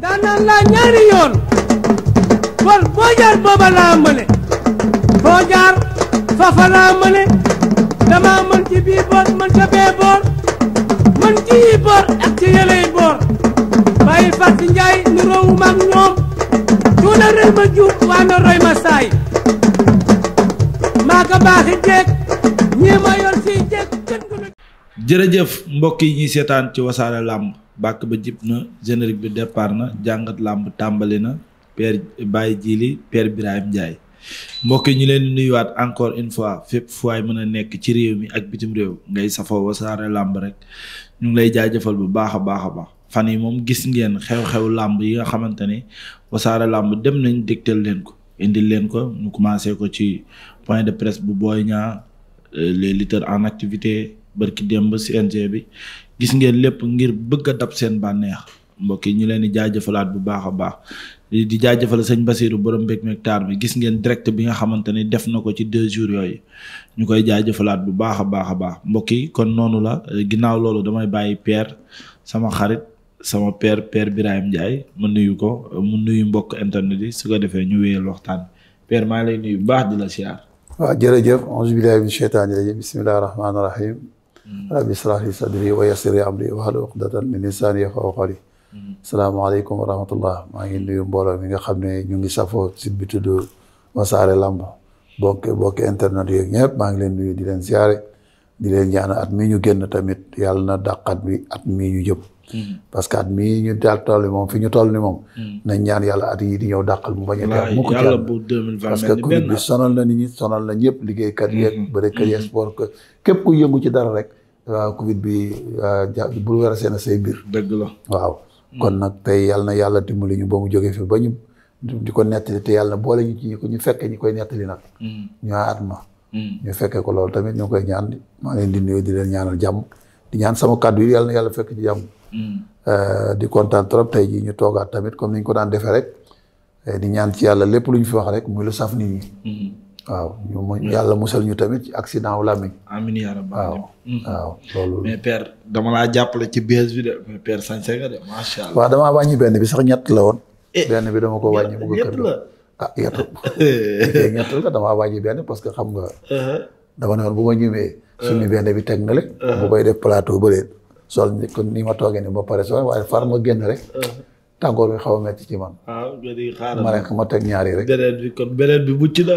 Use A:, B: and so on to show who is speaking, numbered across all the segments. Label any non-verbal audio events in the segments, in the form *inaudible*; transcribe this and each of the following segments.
A: ndaanaan laa ñaari yoon kon boo jaar booba laa mëne foo jaar fafa laa mëne dama mën ci bii boor mën
B: bee boor mën ci yi ak ci yëley boor bàyyi fàtt njaay nu ñoom cuuna rëy ma juub waa na roy ma saay
A: maa baaxi jeeg ñii ma yor siy jeeg jërëjëf mbokk yi ñuy seetaan ci wasaare làmb bàkk ba jib na générique bi départ na jàngat làmb tàmbali na père Baye Djili per Birahim Ndiaye mbokk yi ñu leen di nuyuwaat encore une fois fépp fu waay mën a nekk ci réew mi ak bitim réew ngay safoo wasaare làmb rek ñu ngi lay jaajëfal bu baax a baax a baax fan yi moom gis ngeen xew-xew làmb yi nga xamante ne wasaare làmb dem nañ dégtal leen ko indil leen ko ñu commencé ko ci point de presse bu Boy Niang euh, les lutteurs en activité barki démb CNG bi gis ngeen lépp ngir bëgg a dab seen bànneex mbokk yi ñu leen di jëfalaat bu baax a baax di jaajëfal sëñ Basiru borom mbég meeg taar bi gis ngeen direct bi nga xamante ni def na ko ci deux jours yooyu ñu koy jaajëfalaat bu baax a baax a baax mbokk yi kon noonu la ginnaaw loolu damay bàyyi Père sama xarit sama père Père Birahim Ndiaye ma nuyu ko mu nuyu mbokk internet yi su ko defee ñu wéyal waxtaan Père maa lay nuyu bu baax di la siyaar. waaw
B: jërëjëf. auzu billaahi mina Hmm. rabbi israh li sadri wa yassir li amri wahlul uqdatan min lisani yafqahu qawli hmm. salaamaaleykum wa rahmatullah maa ngi nuyu mbooloo mi nga xam ne ñu ngi safoo site bi tudd Wassare Lamb bokk bokk internet yooyu ñëpp maa ngi leen nuyu di leen siyaare di leen ñaan at mi ñu génn tamit yàlla na dàq at at mi ñu jëm Mm-hmm. parce que at mii ñu daal toll moom fi ñu toll ni moom. Mm-hmm. nañ ñaan yàlla at yii di ñëw dàqal mu bañ a. waaw yàlla bu
A: 2020 parce que Covid
B: sonal na nit ñi sonal na ñëpp liggéeykat yeeg. Mm-hmm. bërekat yeeg sport que képp ku yëngu ci dara rek. waaw Covid bi ja bu wér seen say biir. dëgg la waaw. Mm. kon nag tey yàlla na yàlla dimbali ñu ba mu jógee fi ba ñu. di ko nettali te yàlla boole ñu ci ñi ko ñu fekkee ñi koy nettali nag. Mm. ñu ma. Mm. ñu fekkee ko loolu tamit ñu koy ñaan maa ngi di nuyu di leen ñaanal jàmm. di ñaan sama kàddu yàlla na yàlla fekk ci jàmm. Euh, di kontaan trop tey jii ñu toogaat tamit comme ni ñu ko daan defee rek eh, di ñaan ci yàlla lépp lu ñu fi wax rek muy lu saf nit ñi.
A: Mm-hmm. waaw mu yàlla musal ñu tamit ci accident wu làmmiñ. amiin yaa rabbi waaw mm-hmm. waaw loolu. dama laa jàppale ci bés bi de mais père sañse nga de macha wàññi benn bi
B: sax ñett la woon. Eh, benn bi dama ko wàññi. mu
A: bëgg a ah yett *laughs* ñett
B: la damaa wàññi benn parce que xam nga. Uh-huh. dama ne woon bu ma ñëwee. Uh-huh. suñu benn bi teg na le. Uh-huh. bu koy def plateau ba sol kon ni ma toogee nii ba pare sol waaye far ma génn rek. Ah. tàngoor bi xaw a metti ci man.
A: waaw ah, nga di xaaral ma rek
B: ma teg ñaari rek.
A: beneen bi kon beneen bi mucc na.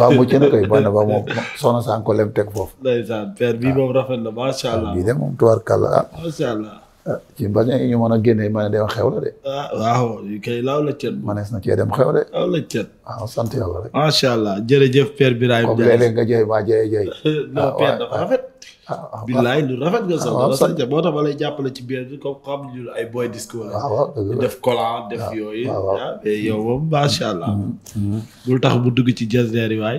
B: waaw mucc na koy baax na ba moom soxna sànq ko lem teg foofu.
A: ndeysaan père bii ah. moom rafet na macha allah. bii de
B: moom tubaarkàlla ah. macha allah. ci mbañ ñu mën a génne ma ne dem xew la de. ah waaw kay laaw la cet. manees na cee dem xew de. laaw la sant yàlla
A: macha allah jërëjëf père Birahim Ndiaye. comme nga jëy maa jëyee Ah, ah, ah, billaay lu rafet nga sax dara sax boo tax ma lay jàppale ci biir bi comme xam ñu ay boy discours def collant def yooyu yow moom macha allah mm, mm, mm. bul tax mu dugg ci jasneer yi waay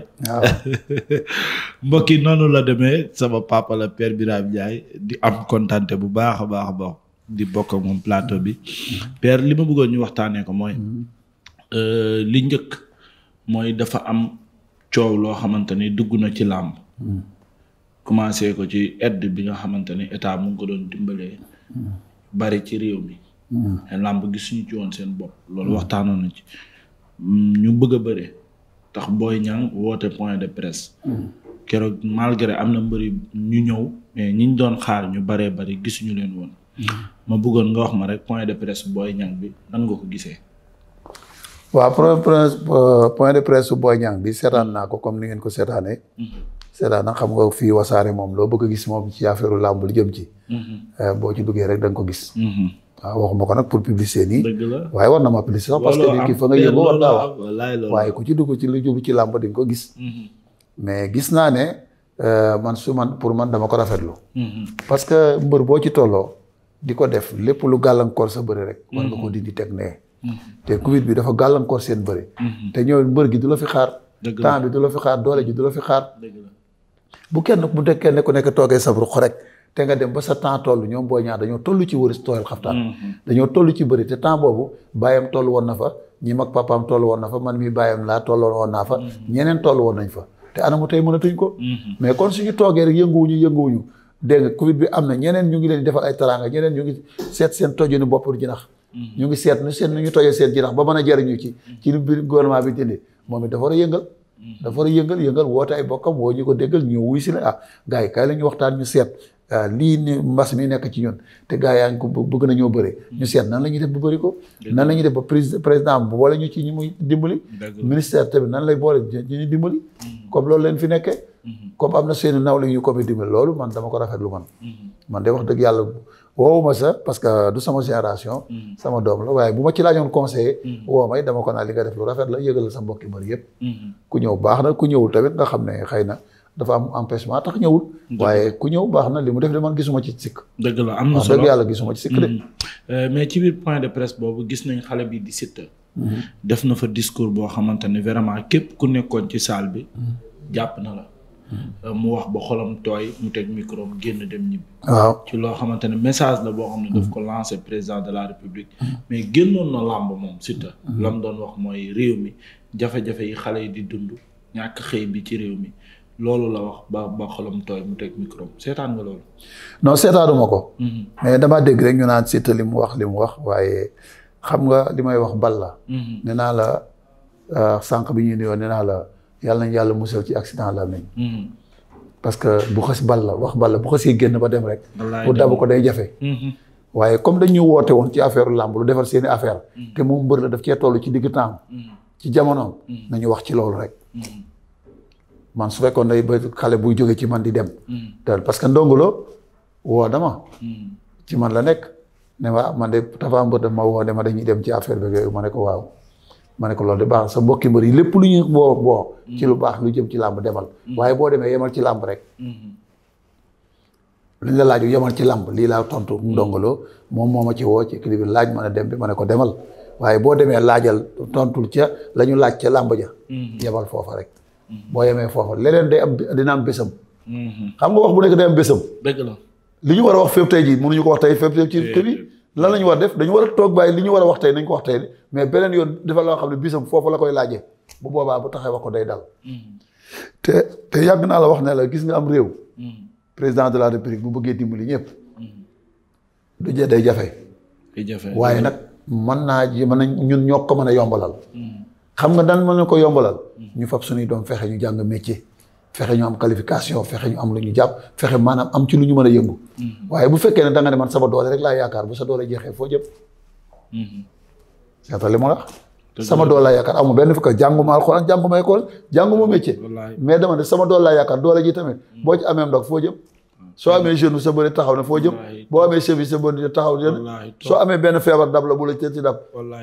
A: *laughs* mbokk yi noonu la demee sama papa la père Birame Ndiaye di am kontante bu baax a baax a baax di bokk ak moom plateau bi père li ma bëggoon ñu waxtaanee ko mooy euh, li njëkk mooy dafa am coow loo xamante ni dugg na ci làmb commencé ko ci aide bi nga xamante ne état mu ngi ko doon dimbalee bari ci réew mi mm-hmm. làmb gisuñu ci woon seen bopp loolu mm-hmm. waxtaanoon na ci ñu bëgg a bëre tax Boy Niang woote point de presse mm-hmm. keroog malgré am na mbëri ñu ñëw mais doon xaar ñu baree bari gisuñu leen woon ma bëggoon nga wax ma rek point de presse booy Niang bi nan nga ko gisee
B: waaw point de presse booy Niang bi seetaan naa ko comme ni ngeen ko seetaanee seetaan nag xam nga fii wasaare moom loo bëgg gis moom ci affaire làmb lu jëm ci. Mhm. Eh, boo ci duggee rek da ko gis. waaw mhm. ah, waxuma ko nag pour publicité nii. waaye war na ma publicité sax parce nga yëngu war naa wax. waaye ku ci dugg ci lu jëm ci làmb di nga ko gis. Mhm. mais gis naa ne eh, man su man pour man dama ko rafetlu. parce que mbër boo ci tolloo. di ko def lépp lu gàllankoor sa bëri rek. war nga ko dindi teg nee. te Covid bi dafa gàllankoor seen bëri. te ñoom mbër gi du la bu kenn bu dee kenn ku nekk toogee sa ruq rek te nga dem ba sa temps toll ñoom booy ñaar dañoo toll ci wëris tooyal xaftaan mm-hmm. dañoo tollu ci bëri te temps boobu bàyyam toll woon na fa ñi mag papaam toll woon na fa man mi bàyyam laa toll woon naa fa mm-hmm. ñeneen toll woon nañ fa te mu tey mënatuñ ko mm-hmm. mais kon suñu toogee rek yënguwuñu yënguwuñu dégg nga covid bi am na ñeneen ñu ngi leen di defal ay taraanga ñeneen ñu ngi seet seen tojinu bopp jinax ñu ngi seet nu seen nu ñu tojee seen jinax ba mën a jariñu ci ci biir gouvernement bi dindi moom it dafa a yëngal dafa war a yëngal yëngal woote ay bokkam woo ñu ko déggal ñu wuy si la ah gars yi kaay ñu waxtaan ñu seet ah, lii ni mi nekk ci ñun te gars yaa ko bëgg nañoo bëri. ñu seet nan la ñuy def bu bëri ko. nan la ñuy def ba président boole ñu ci ñu muy dimbali. ministère bi nan lay boole ñu ñu dimbali. Mm-hmm. comme loolu leen fi nekkee. Mm-hmm. comme am na seen i nawle yu ko dimbali loolu man dama ko rafetlu man. Mm-hmm. man de wax dëgg yàlla woowuma sa parce que du sama génération. Mm. sama doom la waaye bu ma ci laajoon conseiller. Mm. woo may dama ko naa li nga def lu rafet la yëgal sa mbokki mbër yëpp. Mm. ku ñëw baax na ku ñëwul tamit nga xam ne xëy na. dafa am empêchement tax ñëwul. waaye ku ñëw baax na li mu def de man
A: gisuma ci sikk. dëgg la am na solo dëgg yàlla gisuma ci sikk de. Euh, mais ci biir point de presse boobu gis nañ xale bi di Siteu. Mm-hmm. def na fa discours boo xamante ne vraiment képp ku nekkoon ci salle bi. Mm-hmm. jàpp na la. Euh, mu wax ba xolam tooy mu teg micro am génn dem ñibbi. waaw ci loo xamante ne message la boo xam ne daf ko lancé président de la république. mais génnoon na làmb moom Siteu. la doon wax mooy réew mi jafe-jafe yi xale yi di dund ñàkk xëy bi ci réew mi loolu la wax ba ba xolam tooy mu teg micro seetaan nga loolu.
B: non seetaanuma ko. Mm-hmm. mais dama dégg rek ñu naan Siteu li mu wax li mu wax waaye xam nga li may wax bal la. Mm-hmm. nee naa la euh, sànq bi ñuy nuyoo nee naa la. yàlla nañ yàlla musal ci accident làmmiñ parce que bu xas bal la wax bal la bu xasee génn ba dem rek
A: pour dabu ko day jafe hmm.
B: waaye comme dañu woote woon ci affaire làmb lu defar seeni affaire hmm. te moom mbër la daf cee toll ci diggu temps hmm. ci jamonoom nañu wax ci loolu rek man su fekkoon day ba xale buy jóge ci man di dem te parce que ndongolo woo dama ci man la nekk ne ma man de Tapha Mbeur daf ma woo dema dañuy dem ci affaire bi ma ne ko waaw ma ne ko loolu de baax sa mbokki mbër yi lépp lu ñu boo boo mm. ci lu baax lu jëm ci làmb demal mm. waaye boo demee yemal ci làmb rek mm-hmm. luñ la laaju yemal ci làmb lii laa tontu mm. ndongolo moom moom ma ci woo ci kili bi laaj mën a dem bi ma ne ko demal waaye boo demee laajal tontul ca lañu laaj ca làmb ja mm-hmm. yemal foofa rek
A: mm-hmm.
B: boo yemee foofa leneen day am dina am bésam xam nga wax bu nekk day am bésam li ñu war a wax fépp tey jii mënuñu ko wax tey fépp ci kër lan la ñu war def dañu war a toog bàyyi li ñu war a wax tey nañ ko wax tey mais beneen yoon dafa loo xam ne bisam foofu la koy laajee bu boobaa bu taxee wax ko day dal. Mm-hmm. te te yàgg naa la wax ne la gis nga am réew. Mm-hmm. président de la république bu bëggee dimbali ñëpp. Mm-hmm. du jee day jafe.
A: jafe waaye nag
B: mën naa ji mën nañ ñun ñoo ko mën a yombalal. xam nga daan mën na ko yombalal. ñu fab suñuy doom fexe ñu jàng métier. fexe ñu am qualification fexe ñu am lu ñu jàpp fexe maanaam am ci lu ñu mën a yëngu. Mm-hmm. waaye bu fekkee ne danga nga man sama doole rek laa yaakaar bu sa doole jeexee foo jëm. Mm-hmm. c'est li ma la sama doole laa yaakaar amul benn fekk jànguma alxuraan jànguma école jànguma métier. mais dama ne sama doole laa yaakaar doole ji tamit. Mm-hmm. boo ci amee ndox foo jëm. soo amee jeune sa bëri taxaw na foo jëm boo amee cheville sa bëri taxaw na soo amee benn feebar dab la bu la ci dab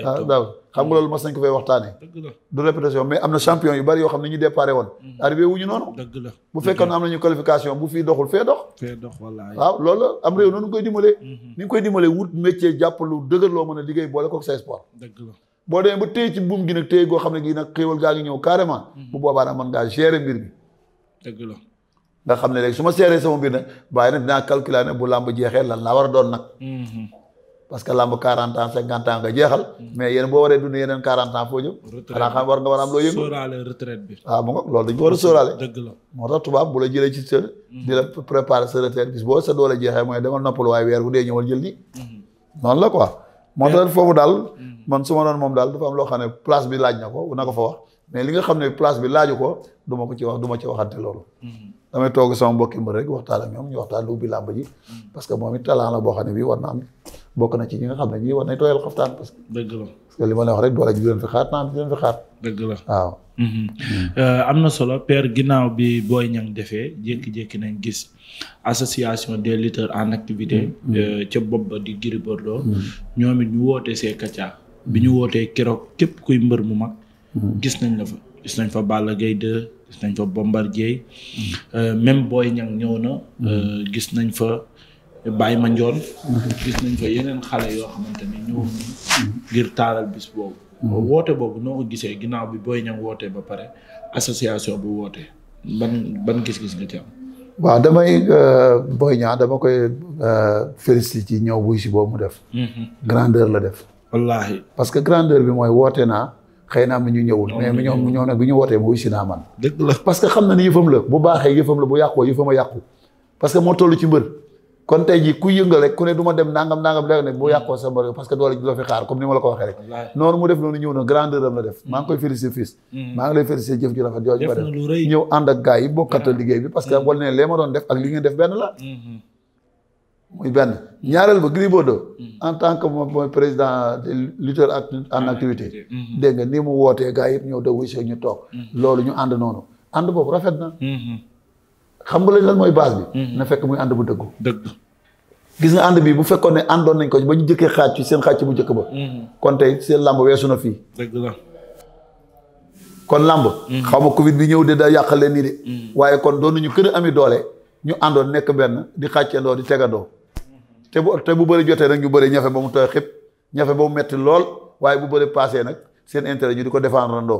B: ah daaw xam nga loolu mas nañ ko fay waxtaanee du répétition mais am na champion yu bari yoo xam ne ñu déparé woon mm-hmm. arrivé wuñu noonu dëgg la bu fekkoon am nañu qualification bu fii doxul fee
A: dox waaw
B: loolu am réew noonu koy dimbalee mm-hmm. ni ñu koy dimbalee wut métier jàpp lu dëgër loo mën a liggéey boole kook say sport dëgg la boo demee ba téye ci buum gi nag téye goo xam ne gi mm-hmm. bu boobaa nag mën ngaa la nga xam ne léegi su ma seeree sama mbir nag bàyyi nag dinaa calculer ne bu làmb jeexee lan laa war a doon nag. Mhm. parce que làmb 40 ans 50 ans nga jeexal. Mhm. mais yéen boo waree dund yeneen 40 ans war nga war a am loo yëngu bu la jëlee ci sa. Mhm. di mooy demal noppalu waaye weer bu foofu daal. man su ma doon moom daal dafa am loo xam ne place bi laaj na ko na ko fa wax mais li nga xam ne place bi laaju ko du ma ko ci wax du ma ci waxante loolu. damay toog sama mbokki mbër rek waxtaan ak ñoom ñu waxtaan lu ubbi làmb ji. parce que moom it talent la boo xam ne bii war na am bokk na ci ñi nga xam ne ñii war nañ tooyal xaftaan parce que. dëgg la
A: parce que li ma la wax rek mhm. euh, am na solo père ginnaaw bi Boy Niang defee jékki-jékki nañ gis association des lutteurs en mhm. euh, ca bopp ba di Gris Bordeaux. Mhm. ñoom ñu woote see Kacha. bi ñu wootee keroog képp kuy mbër mu mag. gis nañ la fa gis nañ fa Balla Gaye Euh, euh, gis nañ fa Bombardier même booy Niang ñëw na. gis nañ fa ma njoon gis nañ fa yeneen xale yoo xamante ni ñëw ngir taaral bis boobu. woote boobu noo ko gisee ginnaaw bi booy Niang wootee ba pare association bu wootee ban ban gis-gis nga ci am. waaw damay
B: euh, Boy Niang dama koy félicité ci ñëw wuy si boobu mu def. Mm-hmm. grandeur la def. wallaahi parce que grandeur bi mooy woote naa. xëy na ñu ñëwul mais mi ñoom nag bi ñu wootee mu si naa man dëgg xam na ni yëfam la bu baaxee yëfam la bu yàqoo yëfam a yàqu parce moo toll ci mbër kon tey ku yëngal rek ku ne du dem nangam nangam léegi ne bu hmm. yàqoo sa mbër parce que doole ji fi xaar comme ni ma la ko waxee noonu mu def noonu ñëw na grandeur am la def maa ngi koy félicité fils hmm. maa ngi lay félicité jëf ju rafet jooju ba def ñëw ànd ak gars yi bokkata liggéey bi parce muy benn ñaareel ba Gris mm. en tant que moom mooy président des lutteurs en activité mm-hmm. dégg nga ni mu wootee gars yëpp ñëw dawuy see ñu toog mm-hmm. loolu ñu ànd noonu ànd boobu rafet na mm-hmm. xam nga lañ lan mooy base bi na fekk muy ànd bu dëggu dëgg gis nga ànd bii bu fekkoon ne àndoon nañ ko ba ñu jëkkee xaaj ci seen xaaj ci bu njëkk ba kon tey seen làmb weesu na fii dëgg la kon làmb xaw ma covid bi ñëw de da yàq leen nii de waaye kon doon nañu gën a ami doole ñu àndoon nekk benn di xàccandoo di tegandoo te bu te bu bëri jotee nag ñu bëri ñafe ba mu tooy xëpp ñafe ba mu metti lool waaye bu bëri passé nag seen intérêt ñu di ko défendre ndoo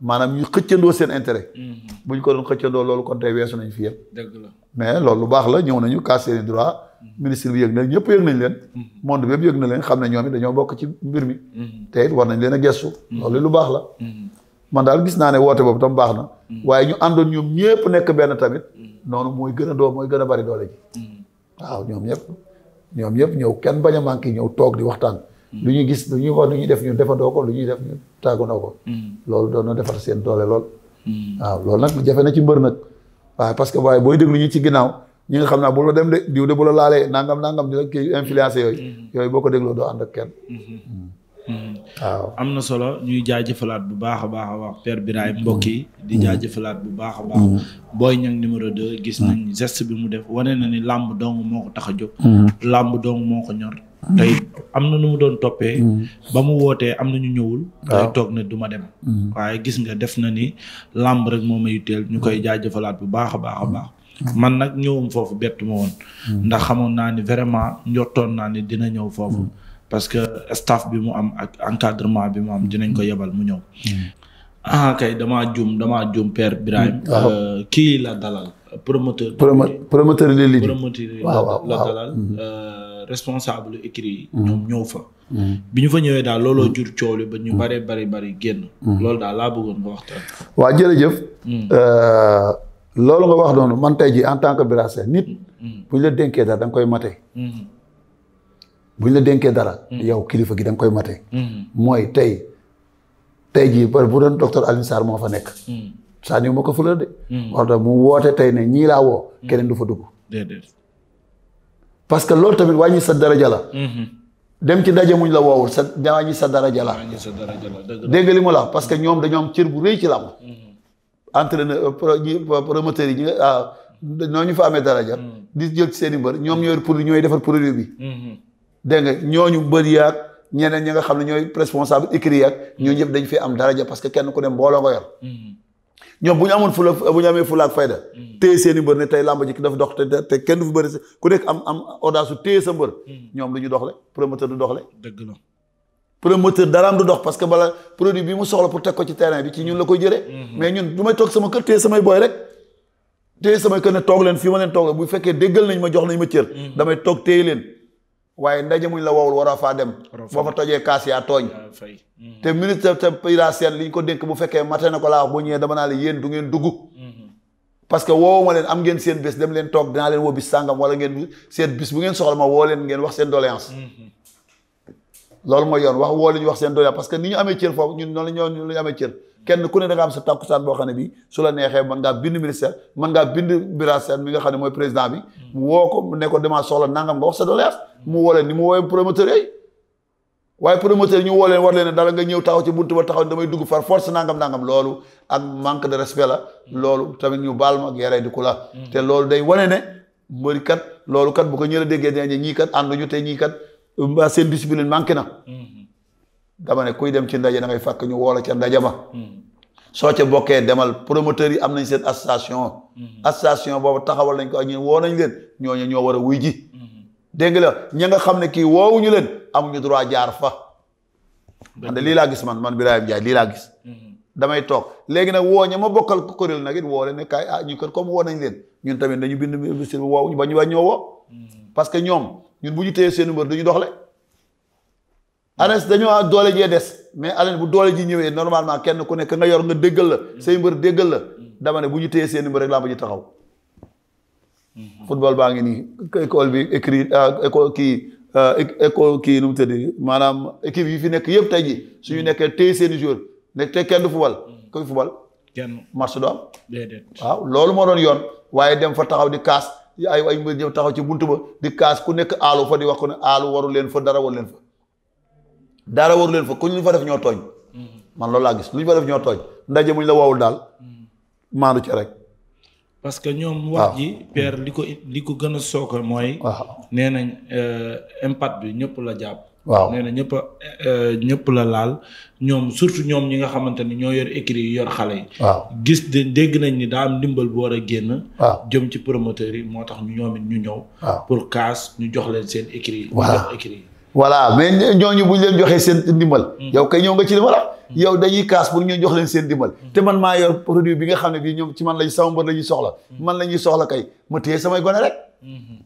B: maanaam ñu xëccandoo seen intérêt. Mhm. bu ñu ko doon xëccandoo loolu kon tey weesu nañ fi yëpp. dëgg la mais loolu lu baax la ñëw nañu kaas seen i droit. Mhm. ministre bi yëg na ñëpp yëg nañ leen. Mhm. monde bépp yëg na leen xam ne ñoom it dañoo bokk ci mbir mi. te war nañ leen a gestu. loolu lu baax la. man daal gis naa ne woote boobu tam baax na. waaye ñu àndoon ñoom ñëpp nekk benn tamit. noonu mooy gën a doo mooy gën a bari doole waaw ñoom ñëpp. ñoom ñëpp ñëw kenn bañ a manqué ñëw toog di waxtaan. Mm. lu ñu gis lu ñuy wax lu ñuy def ñu defandoo ko lu ñuy def ñu tàggandoo ko. Mm. loolu doon na defar seen doole lool. Mm. waaw loolu nag jafe na ci mbër nag. waaye parce que waaye booy déglu ñu ci ginnaaw ñi nga xam naa bu la dem de diw de bu la laalee nangam nangam dina la kii influencé yooyu. yooyu boo ko dégloo doo ànd ak kenn.
A: Mm-hmm. waaw am na solo ñuy jaajëfalaat bu baax a baax a wax Père Birahim mm-hmm. mbokk yi di mm-hmm. jaajëfalaat bu baax a baax mm-hmm. Boy Niang numéro deux gis nañ gest bi mu def wane na ni làmb dong moo ko tax a jóg làmb dong moo ko ñor tey am na nu mu doon toppee ba mu wootee am na ñu ñëwul day toog ne du dem waaye gis nga def na ni làmb rek moo ma yitteel ñu koy jaajëfalaat bu baax a baax a baax man nag ñëwum foofu bett ma woon ndax xamoon naa ni vraiment njortoon naa ni dina ñëw foofu parce que staff bi mu am ak encadrement bi mu am nañ ko yebal mu ñëw. Hmm. ah kay damaa juum damaa juum père Birahim. Hmm, euh, kii la dalal. promoteur
B: promoteur li li promoteur la
A: dalal. Hmm. Euh, yi. ñoom ñëw fa. bi ñu fa ñëwee daal looloo jur coow ba ñu bare bari bari génn. loolu daal laa bëggoon nga waxtaan.
B: waa jërëjëf. Euh, wax noonu man tey jii en tant que Bira Sène nit. bu ñu la dénkee daal da koy mate. bu ñu la dénkee dara. Mm. yow kilifa gi da nga koy mate. Mm. mooy tey tey jii par bu doon docteur Alioune moo fa nekk. Mm. Sadio moo ko fële de. wax dëgg mu woote tey ne ñii laa woo. keneen du fa dugg. déedéet. parce que loolu tamit wàññi sa daraja la. Mm-hmm. dem ci daje muñ la woowul sa wàññi sa daraja la.
A: wàññi sa daraja la
B: dégg li mu la parce que mm-hmm. ñoom dañoo am cër bu rëy ci làmb. Mm-hmm. entraîneur euh, promoteur yi ñi noo ah, ñu fa amee daraja. di jël ci seen i mbër ñoom ñooy pour ñooy defar produit bi. dégg nga ñooñu bëri yaag ñeneen ñi nga xam ne ñooy responsable écrit yaag mm-hmm. ñoo ñëpp dañ fi am daraja parce que kenn ku ne mbooloo ko yor mm-hmm. ñoom bu ñu amoon fula bu ñu amee fula ak fayda mm-hmm. téye seen mbër ne tey làmb ji ki dafa dox te te kenn du fi bëri ku nekk am am audace su téye sa mbër ñoom lu ñu doxle promoteur du doxle dëgg la promoteur daraam du dox parce que bala produit bi mu soxla pour teg ko ci terrain bi ci ñun la koy jëlee mais ñun du may toog sama kër téye samay booy rek téye toog leen fii toog bu fekkee déggal nañ ma jox nañ ma cër toog téye leen waaye ndaje muñ la wowul war a faa dem. boo fa tojee kaas yaa tooñ. Mhm. te ministre te présidentiel li ñu ko dénk bu fekkee mate na ko laa wax bu ñëwee dama naa la yéen du ngeen dugg. Mhm. parce que woowuma leen am ngeen seen bés dem leen toog dinaa leen woo bis sàngam wala ngeen seen bis bu ngeen soxla ma woo leen ngeen wax seen doléance. Mhm. loolu mooy yoon wax woo leen wax seen doléance parce que ni ñu amee cër foofu ñun noonu la ñu amee cër. kenn ku ne da nga am sa takkusaan boo xam ne bi su la neexee mën ngaa bind ministère mën ngaa bind Bira Sène mi nga xam ne mooy président bi hmm. mu woo ko mu ne ko soxla nangam nga wax sa doléance mu woo leen ni mu woowee promoteur yooyu waaye promoteur ñu woo leen war leen dara nga ñëw taxaw ci buntu ba taxaw damay dugg par force nangam nangam loolu ak manque de respect la hmm. loolu tamit ñu baal ma ak yaree di ku la hmm. te loolu day wane ne mbëri kat loolu euh, na dama ne kuy dem ci ndaje da ngay fàkk ñu woola ca ndaje ma soo ca bokkee demal promoteurs yi am nañ seen association mm-hmm. association boobu taxawal nañ ko ak ñun woo nañ leen ñooñu ñoo war a wuy ji mm-hmm. dégg la ña nga xam ne kii woowuñu leen amuñu droit jaar fa man de lii laa gis man man Birahim Ndiaye lii laa gis mm-hmm. damay toog léegi nag woo ña ma bokkal kuréel nag it woo leen ne kaay ah ñu kër comme woo nañ leen ñun tamit dañu bind bis woowu ba ñu ba ñoo woo parce que ñoom ñun bu ñu téye seen numéro du ñu doxle Ares dañoo doole jee des mais Ares bu doole ji ñëwee normalement kenn ku nekk nga yor nga déggal la mm. say mbër déggal la mm. dama ne bu ñu téye seen mbër rek làmb ji taxaw. Mm. football baa ngi nii école bi écrit ah, école kii ah, école kii nu mu tëddee maanaam équipe yi fi nekk yëpp tey ji suñu nekkee téye seen i jour nekk te kenn du fubal. koy fubal. kenn marché du waaw loolu moo doon yoon waaye dem fa taxaw di kaas ay ay mbër ñëw taxaw ci bunt ba di kaas ku nekk aalu fa di wax ko ne aalu waru leen fa dara leen fa. daal waru leen fa ku ñu fa def ñoo tooñ. man loolu laa gis lu ñu fa def ñoo tooñ ndaje muñ la woowul daal maandu ci rek.
A: parce que ñoom. wax ji père li ko li ko gën a sooka mooy. waaw nee nañ euh, impact bi ñëpp la jàpp. waaw nee na ñëpp euh, ñëpp la laal ñoom surtout ñoom ñi nga xamante ni ñoo yor écrit yi yor xale yi. waaw gis dégg nañ ni daa am ndimbal bu war a génn. waaw jëm ci promoteurs yi moo tax ñoom ñu ñëw. pour kaas ñu jox leen seen écrit yi. ñu jox écrit yi.
B: voilà mais ñooñu bu ñu leen joxee seen ndimbal. Mm. yow kay ñëw nga ci li ma la dañuy kaas pour ñu jox leen seen ndimbal. Mm. te man maa yor produit bi nga xam ne bii ñoom ci man lañ sama mbër la ñuy soxla. Mm. man la ñuy soxla kay ma téye samay gone rek. Mm-hmm.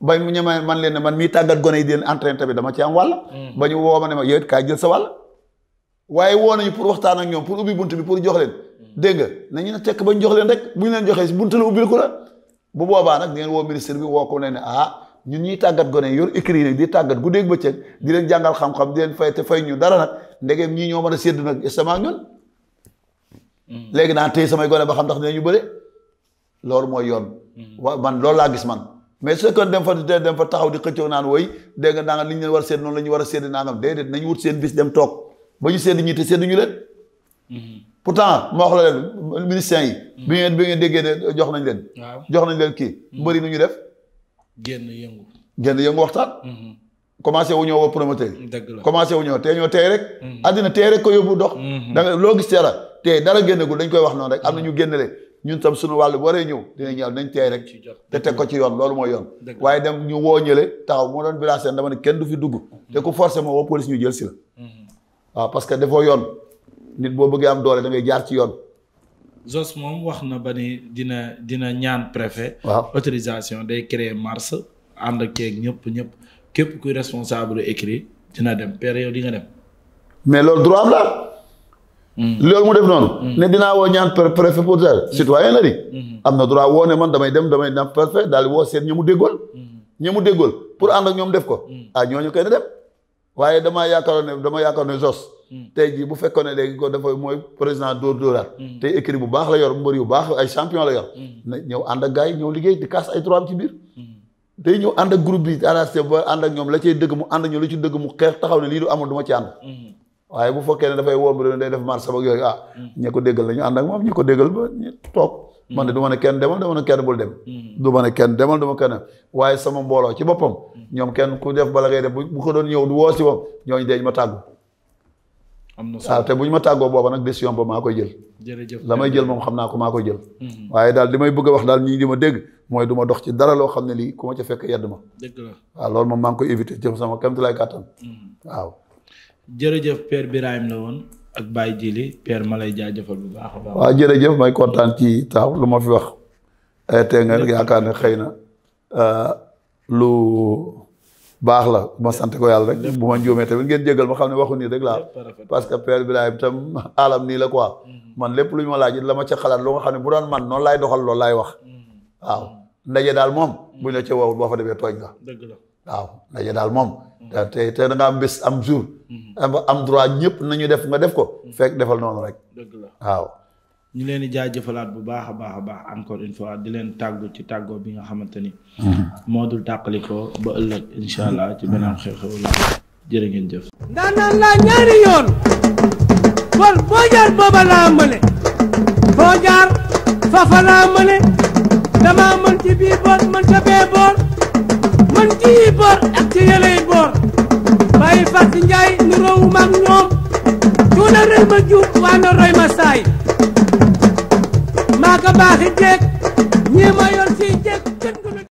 B: ba mu ñemee man leen man mii tàggat gone yi di leen entraîné dama ci am wàll. ba ñu woo ma ne ma yow it kaay jël sa wàll. waaye woo nañu pour waxtaan ak ñoom pour ubbi bunt bi pour jox leen. dégg nga nañu ne tekk ba ñu jox leen rek bu ñu leen joxee bunt la ubbil ko la bu boobaa nag di woo ministre bi woo ne ne ah ñun ñuy tàggat gone yor écrit nag di tàggat guddeeg bëccëg di leen jàngal xam-xam di leen fay te fay ñu dara nag ndegeem ñii ñoo man a sédd nag sama ñun. Mm. léegi naa téye samay gone ba xam ndax dinañu bëre loolu mooy yoon. Mm. wa man loolu laa gis man. mais su fekkoon dem fa dem fa taxaw di xëccoo naan woy dégg nga naa li ñu war a sédd la ñu war a sédd nangam déedéet nañu wut seen bis dem toog ba ñu sédd ñi te sédd ñu leen. Mm-hmm. pourtant ma la leen yi. Mm. bi ngeen bi ngeen déggee ne jox nañ leen. jox nañ leen kii mbëri nu ñu def
A: génn yëngu.
B: génn yëngu waxtaan. Mhm. commencé wu ñëw woo promoteur yi. dëgg la commencé wu ñëw tey ñoo tey rek. Mhm. àddina tey rek ko yóbbu dox. Mhm. da nga loo gis dara tey dara génnagul dañ koy wax noonu rek am na ñu génn ñun tam suñu wàll bu waree ñëw dinañ ñëw nañ tey rek. te teg ko ci yoon loolu mooy yoon. waaye dem ñu woo ñële taxaw moo doon bilaa seen dama ne kenn du fi dugg. te ku forcé moo woo police ñu jël si la. waaw ah, parce que dafoo yoon nit boo bëggee am doole da ngay jaar ci yoon.
A: Zos moom wax na ba ni dina dina ñaan préfet. waaw autorisation day créer marche ànd ak keeg ñëpp ñëpp képp ku responsable écrit dina dem période yi nga dem.
B: mais loolu droit am la. Hmm. loolu mu def noonu. Hmm. ne dinaa woo ñaan préfet pour dire hmm. citoyen la di. am na droit woo man damay dem damay dem préfet daal di woo seen ñi mu déggool. ñi mu déggool pour ànd ak ñoom def ko. ah ñooñu kay na dem. waaye damaa yaakaaroon ne dama yaakaaroon ne Zos. Hmm. tey jii bu fekkoon ne léegi ko dafa mooy président dóor dóoraat hmm. tey écrit bu baax la yor mbër yu baax ay champion la yor hmm. na ñëw ànd ak gars yi ñëw liggéey di kaas ay trois ci biir tey ñëw ànd ak ñoom la cay dëgg mu ànd ñu ci dëgg mu xeex taxaw ne lii du amul ma ci ànd waaye bu fekkee ne dafay womb rek day def marché ak yooyu ah ko déggal nañu ànd ak moom ñi ko déggal ba toog man de du ma ne kenn demal dama ne kenn bul dem du ma kenn demal du ma kenn waaye sama mbooloo ci boppam ñoom kenn ku def bala ngay def bu ko doon ñëw du woo si moom ñooñu deeñ ma tàggu am na solo waaw te bu ñu ma tàggoo booba nag décision ba maa koy jël. la may jël moom xam naa ko maa koy jël. Mhm. waaye daal li may bëgg a wax daal ñii di ma dégg mooy du ma dox ci dara loo xam ne lii ku ma ca fekk yedd ma. dëgg la waaw loolu moom maa
A: ngi koy éviter jëm sama kéemtalaay kàttan. Mhm. la woon ak Baye Djili Père ma lay jaajëfal bu baax a baax. waaw jërëjëf
B: may kontaan ci taaw lu ma fi wax. Eh, te nga yaakaar ne xëy na euh, lu. baax la ma sant ko yàlla rek bu ma njuumee tamit ngeen jégal ma xam ne waxu nii rek laa parce que père Birahim tam alam nii la quoi mm-hmm. man lépp lu ñu ma laaj it la ma ca xalaat lu nga xam ne bu doon man noonu laay doxal loolu laay wax mm-hmm. waaw ndaje daal moom buñ la ca wowul boo fa demee tooñ nga waaw ndaje daal moom mm-hmm. te te da nga am bés am jour am droit ñëpp
A: nañu def nga def ko fekk defal noonu rek waaw ñu leen di jaajëfalaat bu baax a baax a baax encore une fois di leen tàggu ci tàggoo bi nga xamante ni. Mm-hmm. moo dul tàqalikoo ba ëllëg incha allah ci beneen xew-xew la jërë ngeen jëf. ndaanaan laa ñaari yoon bol boo jaar booba laa mëne boo jaar
B: fafa laa mëne damaa mën ci bii boor mën ci boor ak ci yëley boor bàyyi fàtt njaay nu ñoom
A: tuuna rëy ma juut waa na roy ma saay. ak a baaxi jéeg ma yor si jéeg